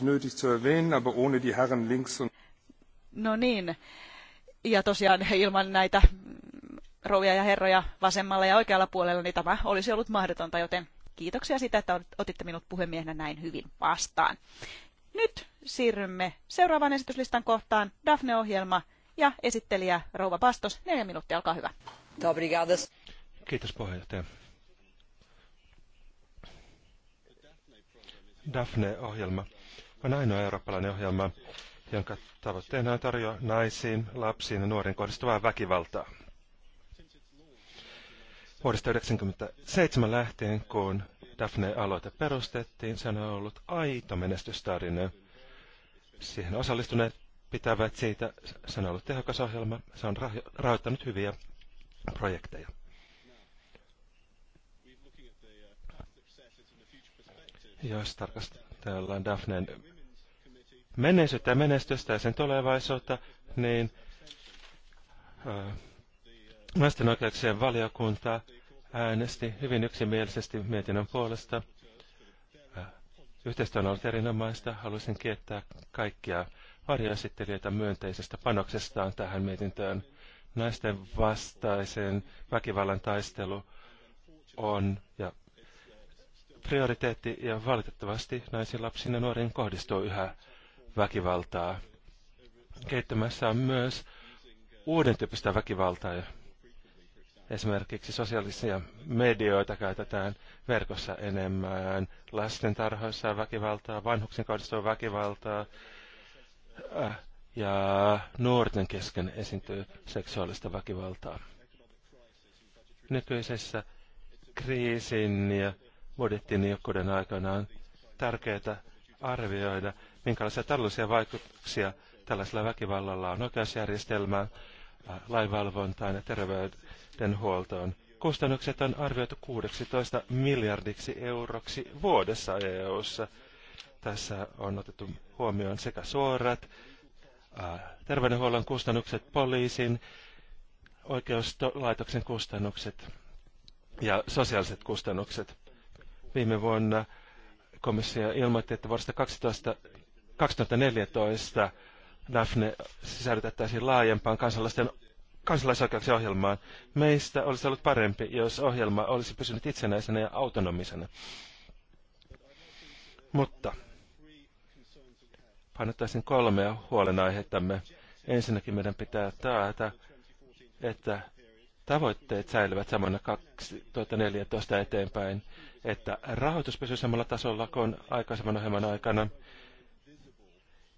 nötig zu erwähnen, aber ohne die Herren links und... No niin. Ja tosiaan ilman näitä rouvia ja herroja vasemmalla ja oikealla puolella, niin tämä olisi ollut mahdotonta, joten kiitoksia siitä, että otitte minut puhemiehenä näin hyvin vastaan. Nyt siirrymme seuraavaan esityslistan kohtaan, Daphne-ohjelma ja esittelijä Rouva Bastos. Neljä minuuttia, olkaa hyvä. Kiitos puheenjohtaja. Daphne-ohjelma on ainoa eurooppalainen ohjelma, jonka tavoitteena on tarjoa naisiin, lapsiin ja nuoriin kohdistuvaa väkivaltaa. Vuodesta 1997 lähtien, kun Daphne-aloite perustettiin, se on ollut aito menestystarina. Siihen osallistuneet pitävät siitä, se on ollut tehokas ohjelma, se on rahoittanut hyviä projekteja. Jos tarkastellaan Daphnen menneisyyttä ja menestystä ja sen tulevaisuutta, niin ää, naisten oikeuksien valiokunta äänesti hyvin yksimielisesti mietinnön puolesta. Yhteistyö on ollut erinomaista. Haluaisin kiittää kaikkia varjoesittelijöitä myönteisestä panoksestaan tähän mietintöön. Naisten vastaisen väkivallan taistelu on ja prioriteetti ja valitettavasti naisiin, lapsiin ja nuoriin kohdistuu yhä väkivaltaa. Kehittämässä on myös uuden tyyppistä väkivaltaa. Esimerkiksi sosiaalisia medioita käytetään verkossa enemmän, tarhoissa on väkivaltaa, vanhuksen kohdistuu väkivaltaa äh, ja nuorten kesken esiintyy seksuaalista väkivaltaa. Nykyisessä kriisin ja budjettiniukkuuden aikana on tärkeää arvioida, minkälaisia taloudellisia vaikutuksia tällaisella väkivallalla on oikeusjärjestelmään, lainvalvontaan ja terveydenhuoltoon. Kustannukset on arvioitu 16 miljardiksi euroksi vuodessa EU:ssa. Tässä on otettu huomioon sekä suorat terveydenhuollon kustannukset, poliisin, oikeuslaitoksen kustannukset ja sosiaaliset kustannukset. Viime vuonna komissio ilmoitti, että vuodesta 12, 2014 Daphne sisällytettäisiin laajempaan kansalaisten kansalaisoikeuksien ohjelmaan. Meistä olisi ollut parempi, jos ohjelma olisi pysynyt itsenäisenä ja autonomisena. Mutta painottaisin kolmea huolenaihettamme. Ensinnäkin meidän pitää taata, että tavoitteet säilyvät samana 2014 eteenpäin, että rahoitus pysyy samalla tasolla kuin aikaisemman ohjelman aikana.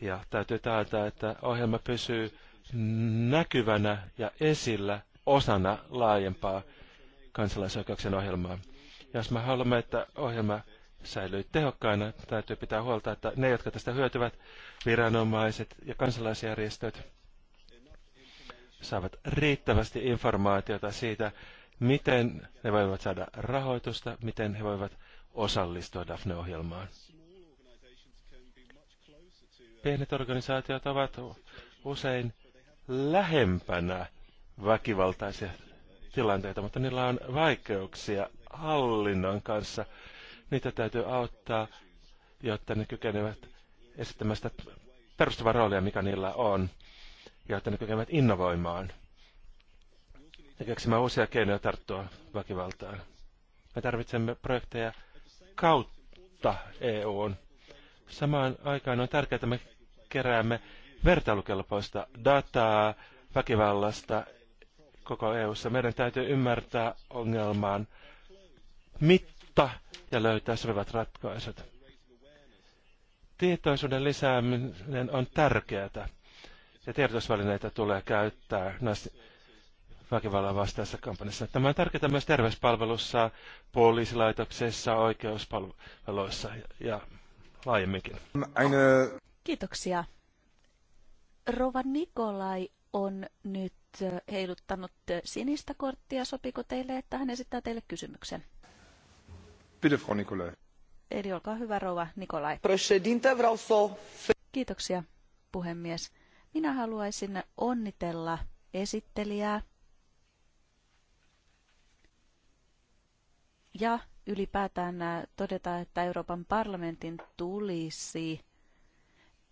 Ja täytyy taata, että ohjelma pysyy näkyvänä ja esillä osana laajempaa kansalaisoikeuksien ohjelmaa. Jos me haluamme, että ohjelma säilyy tehokkaana, täytyy pitää huolta, että ne, jotka tästä hyötyvät, viranomaiset ja kansalaisjärjestöt, saavat riittävästi informaatiota siitä, miten ne voivat saada rahoitusta, miten he voivat osallistua Daphne-ohjelmaan. Pienet organisaatiot ovat usein lähempänä väkivaltaisia tilanteita, mutta niillä on vaikeuksia hallinnon kanssa. Niitä täytyy auttaa, jotta ne kykenevät sitä perustavaa roolia, mikä niillä on ja että ne kykenevät innovoimaan ja keksimään uusia keinoja tarttua väkivaltaan. Me tarvitsemme projekteja kautta EUn. Samaan aikaan on tärkeää, että me keräämme vertailukelpoista dataa väkivallasta koko EU:ssa. Meidän täytyy ymmärtää ongelmaan mitta ja löytää sopivat ratkaisut. Tietoisuuden lisääminen on tärkeää ja tiedotusvälineitä tulee käyttää näissä väkivallan vastaisessa kampanjassa. Tämä on tärkeää myös terveyspalvelussa, poliisilaitoksessa, oikeuspalveluissa ja laajemminkin. Kiitoksia. Rova Nikolai on nyt heiluttanut sinistä korttia. Sopiko teille, että hän esittää teille kysymyksen? Pide, Frau Nikolai. Eli olkaa hyvä, Rova Nikolai. Kiitoksia, puhemies. Minä haluaisin onnitella esittelijää ja ylipäätään äh, todeta, että Euroopan parlamentin tulisi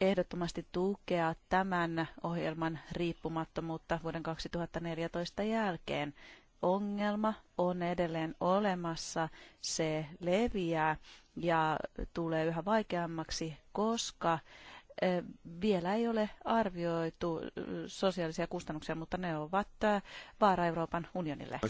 ehdottomasti tukea tämän ohjelman riippumattomuutta vuoden 2014 jälkeen. Ongelma on edelleen olemassa, se leviää ja tulee yhä vaikeammaksi, koska vielä ei ole arvioitu sosiaalisia kustannuksia, mutta ne ovat vaara Euroopan unionille.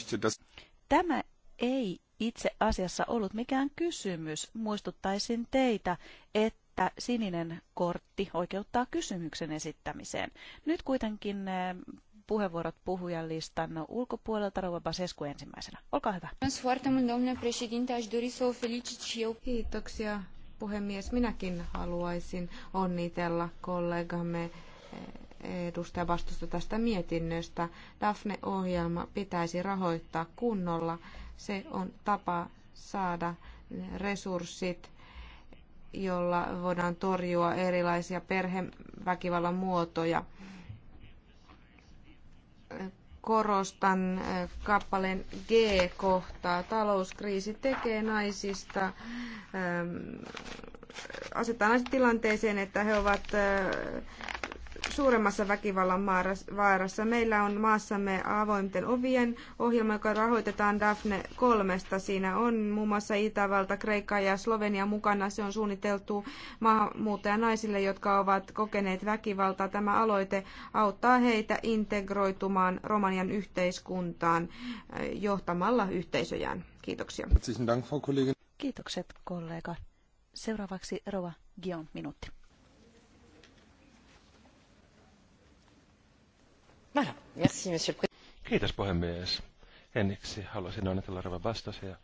Tämä ei itse asiassa ollut mikään kysymys. Muistuttaisin teitä, että sininen kortti oikeuttaa kysymyksen esittämiseen. Nyt kuitenkin puheenvuorot listan ulkopuolelta. Rouva Basescu ensimmäisenä. Olkaa hyvä. Kiitoksia puhemies. Minäkin haluaisin onnitella kollegamme eh, edustaja vastusta tästä mietinnöstä. Daphne-ohjelma pitäisi rahoittaa kunnolla. Se on tapa saada resurssit, jolla voidaan torjua erilaisia perheväkivallan muotoja korostan äh, kappaleen G-kohtaa. Talouskriisi tekee naisista, ähm, asettaa naiset tilanteeseen, että he ovat äh, suuremmassa väkivallan vaarassa. Meillä on maassamme avointen ovien ohjelma, joka rahoitetaan Daphne kolmesta. Siinä on muun muassa Itävalta, Kreikka ja Slovenia mukana. Se on suunniteltu naisille, jotka ovat kokeneet väkivaltaa. Tämä aloite auttaa heitä integroitumaan Romanian yhteiskuntaan johtamalla yhteisöjään. Kiitoksia. Kiitokset kollega. Seuraavaksi Rova Gion minuutti. Kiitos puhemies. Enniksi haluaisin onnitella Rova Bastosia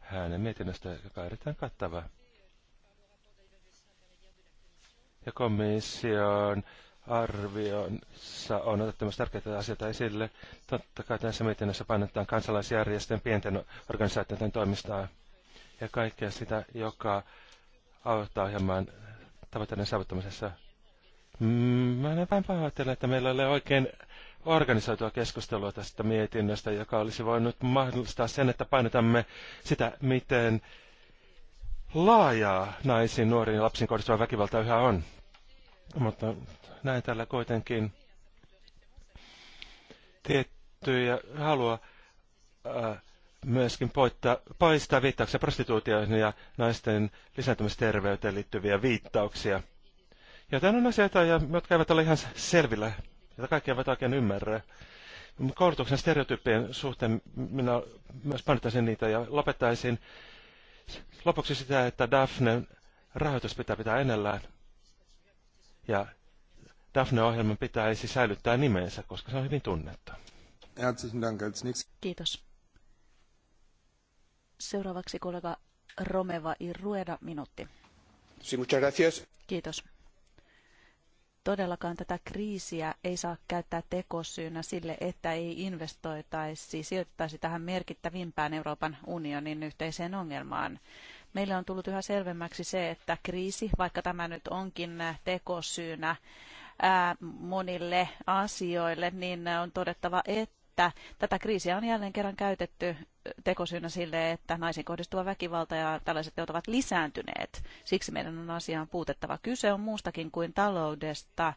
hänen mietinnöstä, joka on erittäin kattava. Ja komission arvionsa on otettu myös tärkeitä asioita esille. Totta kai tässä mietinnössä painotetaan kansalaisjärjestöjen pienten organisaatioiden toimistaa ja kaikkea sitä, joka auttaa ohjelmaan tavoitteiden saavuttamisessa. Mm, mä en vähän pahoittele, että meillä ei ole oikein organisoitua keskustelua tästä mietinnöstä, joka olisi voinut mahdollistaa sen, että painotamme sitä, miten laajaa naisiin, nuoriin ja lapsiin kohdistuva väkivalta yhä on. Mutta näin tällä kuitenkin tiettyjä halua äh, myöskin poittaa, paistaa viittauksia prostituutioihin ja naisten lisääntymisterveyteen liittyviä viittauksia. Ja tämän on asioita, jotka eivät ole ihan selvillä jota kaikki eivät oikein ymmärrä. Koulutuksen stereotypien suhteen minä myös painottaisin niitä ja lopettaisin lopuksi sitä, että Daphne rahoitus pitää pitää ennellään. Ja Daphne-ohjelman pitäisi säilyttää nimensä, koska se on hyvin tunnettu. Kiitos. Seuraavaksi kollega Romeva Irrueda, minuutti. Kiitos todellakaan tätä kriisiä ei saa käyttää tekosyynä sille, että ei investoitaisi, sijoitettaisi tähän merkittävimpään Euroopan unionin yhteiseen ongelmaan. Meille on tullut yhä selvemmäksi se, että kriisi, vaikka tämä nyt onkin tekosyynä monille asioille, niin on todettava, että että tätä kriisiä on jälleen kerran käytetty tekosyynä sille, että naisiin kohdistuva väkivalta ja tällaiset teot ovat lisääntyneet. Siksi meidän on asiaan puutettava. Kyse on muustakin kuin taloudesta.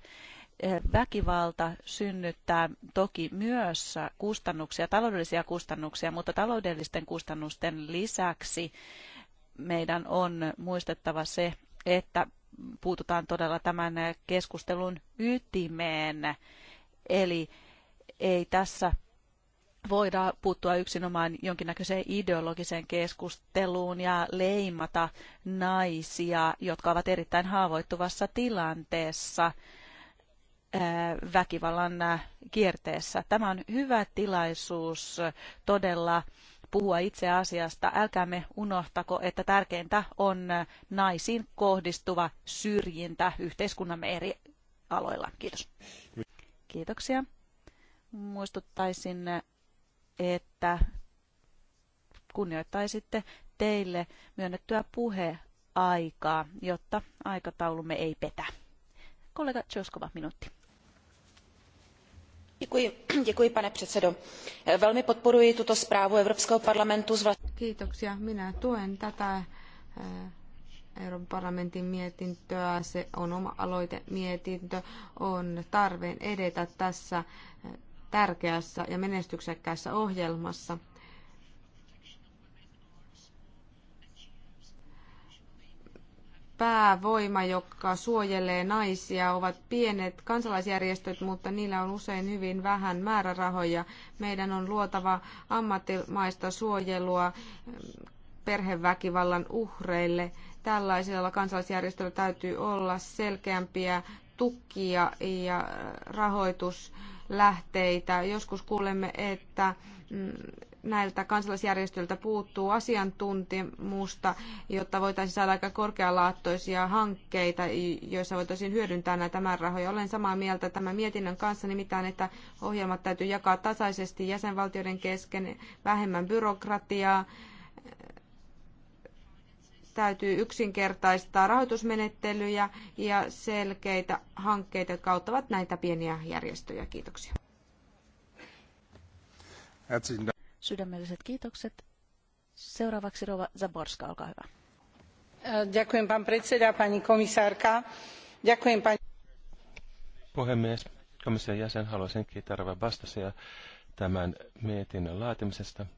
Väkivalta synnyttää toki myös kustannuksia, taloudellisia kustannuksia, mutta taloudellisten kustannusten lisäksi meidän on muistettava se, että puututaan todella tämän keskustelun ytimeen. Eli ei tässä voida puuttua yksinomaan jonkinnäköiseen ideologiseen keskusteluun ja leimata naisia, jotka ovat erittäin haavoittuvassa tilanteessa väkivallan kierteessä. Tämä on hyvä tilaisuus todella puhua itse asiasta. Älkäämme unohtako, että tärkeintä on naisiin kohdistuva syrjintä yhteiskunnamme eri aloilla. Kiitos. Kiitoksia. Muistuttaisin että kunnioittaisitte teille myönnettyä puheaikaa, jotta aikataulumme ei petä. Kollega Tsoskova, minuutti. Děkuji, pane předsedo. Velmi podporuji tuto zprávu Evropského parlamentu. Kiitoksia. Minä tuen tätä eh, Euroopan parlamentin mietintöä. Se on oma aloite mietintö. On tarve edetä tässä eh, tärkeässä ja menestyksekkäässä ohjelmassa. Päävoima, joka suojelee naisia, ovat pienet kansalaisjärjestöt, mutta niillä on usein hyvin vähän määrärahoja. Meidän on luotava ammattimaista suojelua mm, perheväkivallan uhreille. Tällaisilla kansalaisjärjestöillä täytyy olla selkeämpiä tukia ja rahoituslähteitä. Joskus kuulemme, että mm, näiltä kansalaisjärjestöiltä puuttuu asiantuntemusta, jotta voitaisiin saada aika korkealaattoisia hankkeita, joissa voitaisiin hyödyntää näitä määrärahoja. Olen samaa mieltä tämän mietinnön kanssa, nimittäin että ohjelmat täytyy jakaa tasaisesti jäsenvaltioiden kesken, vähemmän byrokratiaa, täytyy yksinkertaistaa rahoitusmenettelyjä ja selkeitä hankkeita, jotka auttavat näitä pieniä järjestöjä. Kiitoksia. Sydämelliset kiitokset. Seuraavaksi Rova Zaborska, olkaa hyvä. Äh, Puhemies, komission jäsen, haluaisin kiittää Rova Bastasia tämän mietinnön laatimisesta –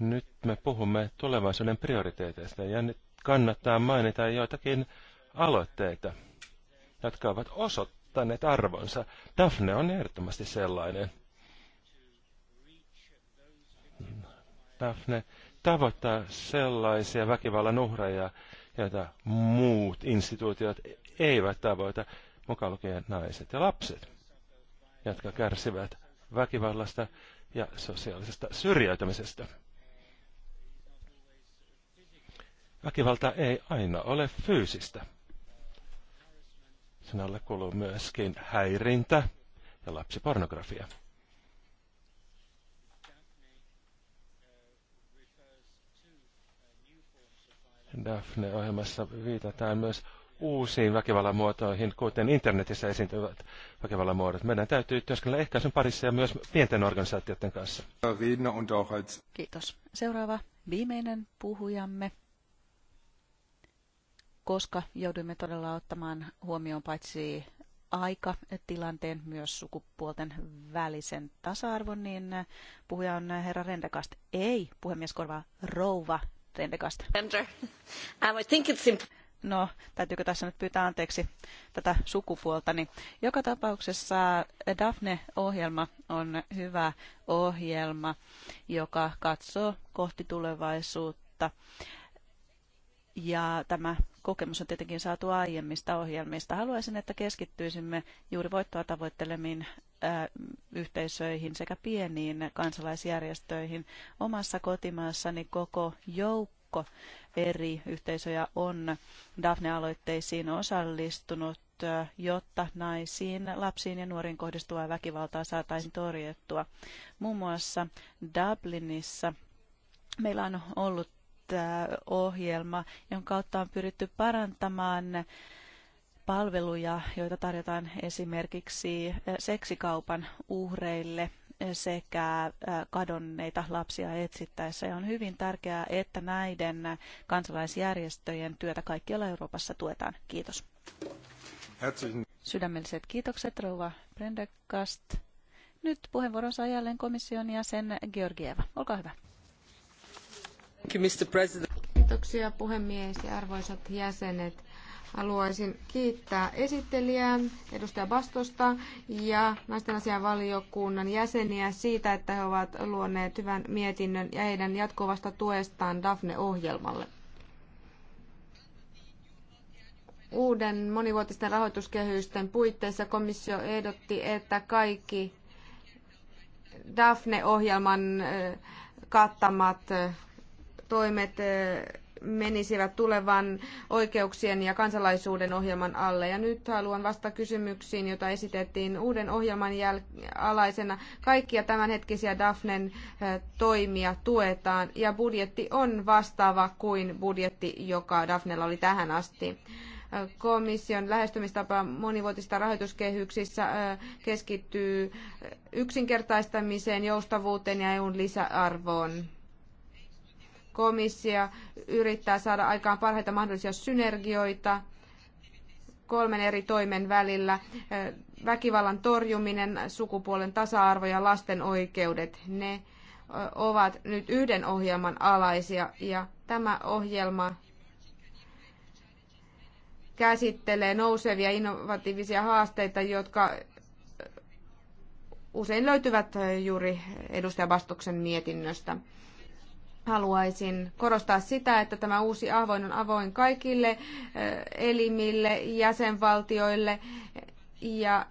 nyt me puhumme tulevaisuuden prioriteeteista ja nyt kannattaa mainita joitakin aloitteita, jotka ovat osoittaneet arvonsa. Daphne on ehdottomasti sellainen. Daphne tavoittaa sellaisia väkivallan uhreja, joita muut instituutiot eivät tavoita, mukaan lukien naiset ja lapset, jotka kärsivät väkivallasta ja sosiaalisesta syrjäytymisestä. Väkivalta ei aina ole fyysistä. Sen alle kuuluu myöskin häirintä ja lapsipornografia. Daphne-ohjelmassa viitataan myös uusiin väkivallan muotoihin, kuten internetissä esiintyvät väkivallan muodot. Meidän täytyy työskennellä ehkäisyn parissa ja myös pienten organisaatioiden kanssa. Kiitos. Seuraava viimeinen puhujamme koska jouduimme todella ottamaan huomioon paitsi aika, tilanteen, myös sukupuolten välisen tasa-arvon, niin äh, puhuja on äh, herra Rendekast. Ei, puhemies korvaa rouva Rendekast. Um, no, täytyykö tässä nyt pyytää anteeksi tätä sukupuolta, niin joka tapauksessa Daphne-ohjelma on hyvä ohjelma, joka katsoo kohti tulevaisuutta ja tämä kokemus on tietenkin saatu aiemmista ohjelmista. Haluaisin, että keskittyisimme juuri voittoa tavoittelemiin yhteisöihin sekä pieniin kansalaisjärjestöihin. Omassa kotimaassani koko joukko eri yhteisöjä on Daphne-aloitteisiin osallistunut, jotta naisiin, lapsiin ja nuoriin kohdistuvaa väkivaltaa saataisiin torjettua. Muun muassa Dublinissa meillä on ollut ohjelma, jonka kautta on pyritty parantamaan palveluja, joita tarjotaan esimerkiksi eh, seksikaupan uhreille sekä eh, kadonneita lapsia etsittäessä. Ja on hyvin tärkeää, että näiden kansalaisjärjestöjen työtä kaikkialla Euroopassa tuetaan. Kiitos. Sydämelliset kiitokset, rouva Brendekast. Nyt puheenvuoron saa jälleen komission jäsen Georgieva. Olkaa hyvä. Kiitoksia puhemies ja arvoisat jäsenet. Haluaisin kiittää esittelijää, edustaja Bastosta ja naisten asian valiokunnan jäseniä siitä, että he ovat luoneet hyvän mietinnön ja heidän jatkuvasta tuestaan Daphne-ohjelmalle. Uuden monivuotisten rahoituskehysten puitteissa komissio ehdotti, että kaikki Daphne-ohjelman kattamat toimet eh, menisivät tulevan oikeuksien ja kansalaisuuden ohjelman alle. Ja nyt haluan vastata kysymyksiin, jota esitettiin uuden ohjelman jäl- alaisena. Kaikkia tämänhetkisiä Daphnen eh, toimia tuetaan ja budjetti on vastaava kuin budjetti, joka Daphnella oli tähän asti eh, komission lähestymistapa monivuotista rahoituskehyksissä keskittyy yksinkertaistamiseen, joustavuuteen ja EUn lisäarvoon komissio yrittää saada aikaan parhaita mahdollisia synergioita kolmen eri toimen välillä. Väkivallan torjuminen, sukupuolen tasa-arvo ja lasten oikeudet, ne ovat nyt yhden ohjelman alaisia ja tämä ohjelma käsittelee nousevia innovatiivisia haasteita, jotka usein löytyvät juuri edustaja Bastoksen mietinnöstä haluaisin korostaa sitä, että tämä uusi avoin on avoin kaikille eh, elimille, jäsenvaltioille ja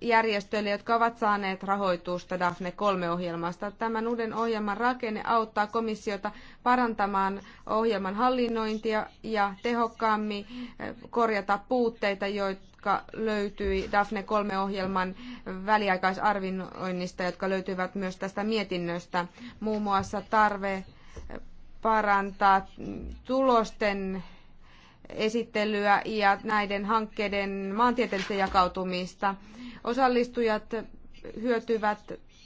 järjestöille, jotka ovat saaneet rahoitusta Daphne 3-ohjelmasta. Tämän uuden ohjelman rakenne auttaa komissiota parantamaan ohjelman hallinnointia ja tehokkaammin eh, korjata puutteita, jotka löytyi Daphne 3-ohjelman väliaikaisarvioinnista, jotka löytyvät myös tästä mietinnöstä. Muun muassa tarve parantaa tulosten esittelyä ja näiden hankkeiden maantieteellistä jakautumista. Osallistujat hyötyvät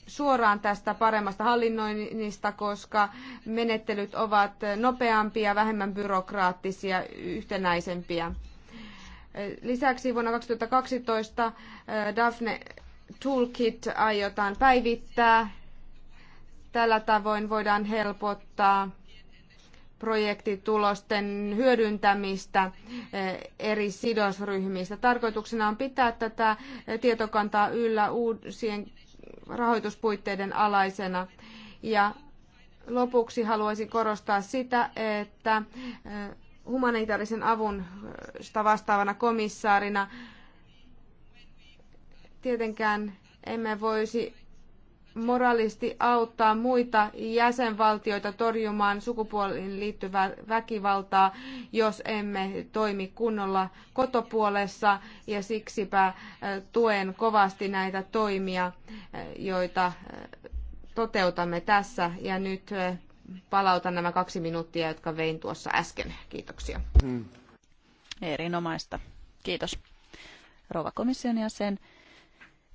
suoraan tästä paremmasta hallinnoinnista, koska menettelyt ovat nopeampia, vähemmän byrokraattisia, yhtenäisempiä. Lisäksi vuonna 2012 eh, Daphne Toolkit aiotaan päivittää Tällä tavoin voidaan helpottaa projektitulosten hyödyntämistä eh, eri sidosryhmistä. Tarkoituksena on pitää tätä tietokantaa yllä uusien rahoituspuitteiden alaisena. Ja lopuksi haluaisin korostaa sitä, että eh, humanitaarisen avun eh, vastaavana komissaarina tietenkään emme voisi moraalisesti auttaa muita jäsenvaltioita torjumaan sukupuoliin liittyvää väkivaltaa, jos emme toimi kunnolla kotopuolessa ja siksipä tuen kovasti näitä toimia, joita toteutamme tässä ja nyt palautan nämä kaksi minuuttia, jotka vein tuossa äsken. Kiitoksia. Mm. Erinomaista. Kiitos. Rouva komission jäsen.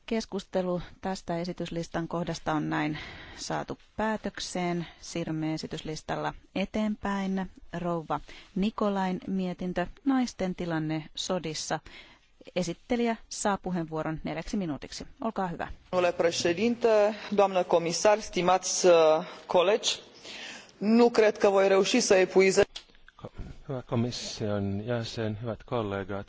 Keskustelu tästä esityslistan kohdasta on näin saatu päätökseen. Siirrymme esityslistalla eteenpäin. Rouva Nikolain mietintö Naisten tilanne sodissa. Esittelijä saa puheenvuoron neljäksi minuutiksi. Olkaa hyvä. Ole președinte, doamnă comisar, stimați uh, colegi, nu cred că voi reuși să epuizez... Hyvä komission jäsen, hyvät kollegat.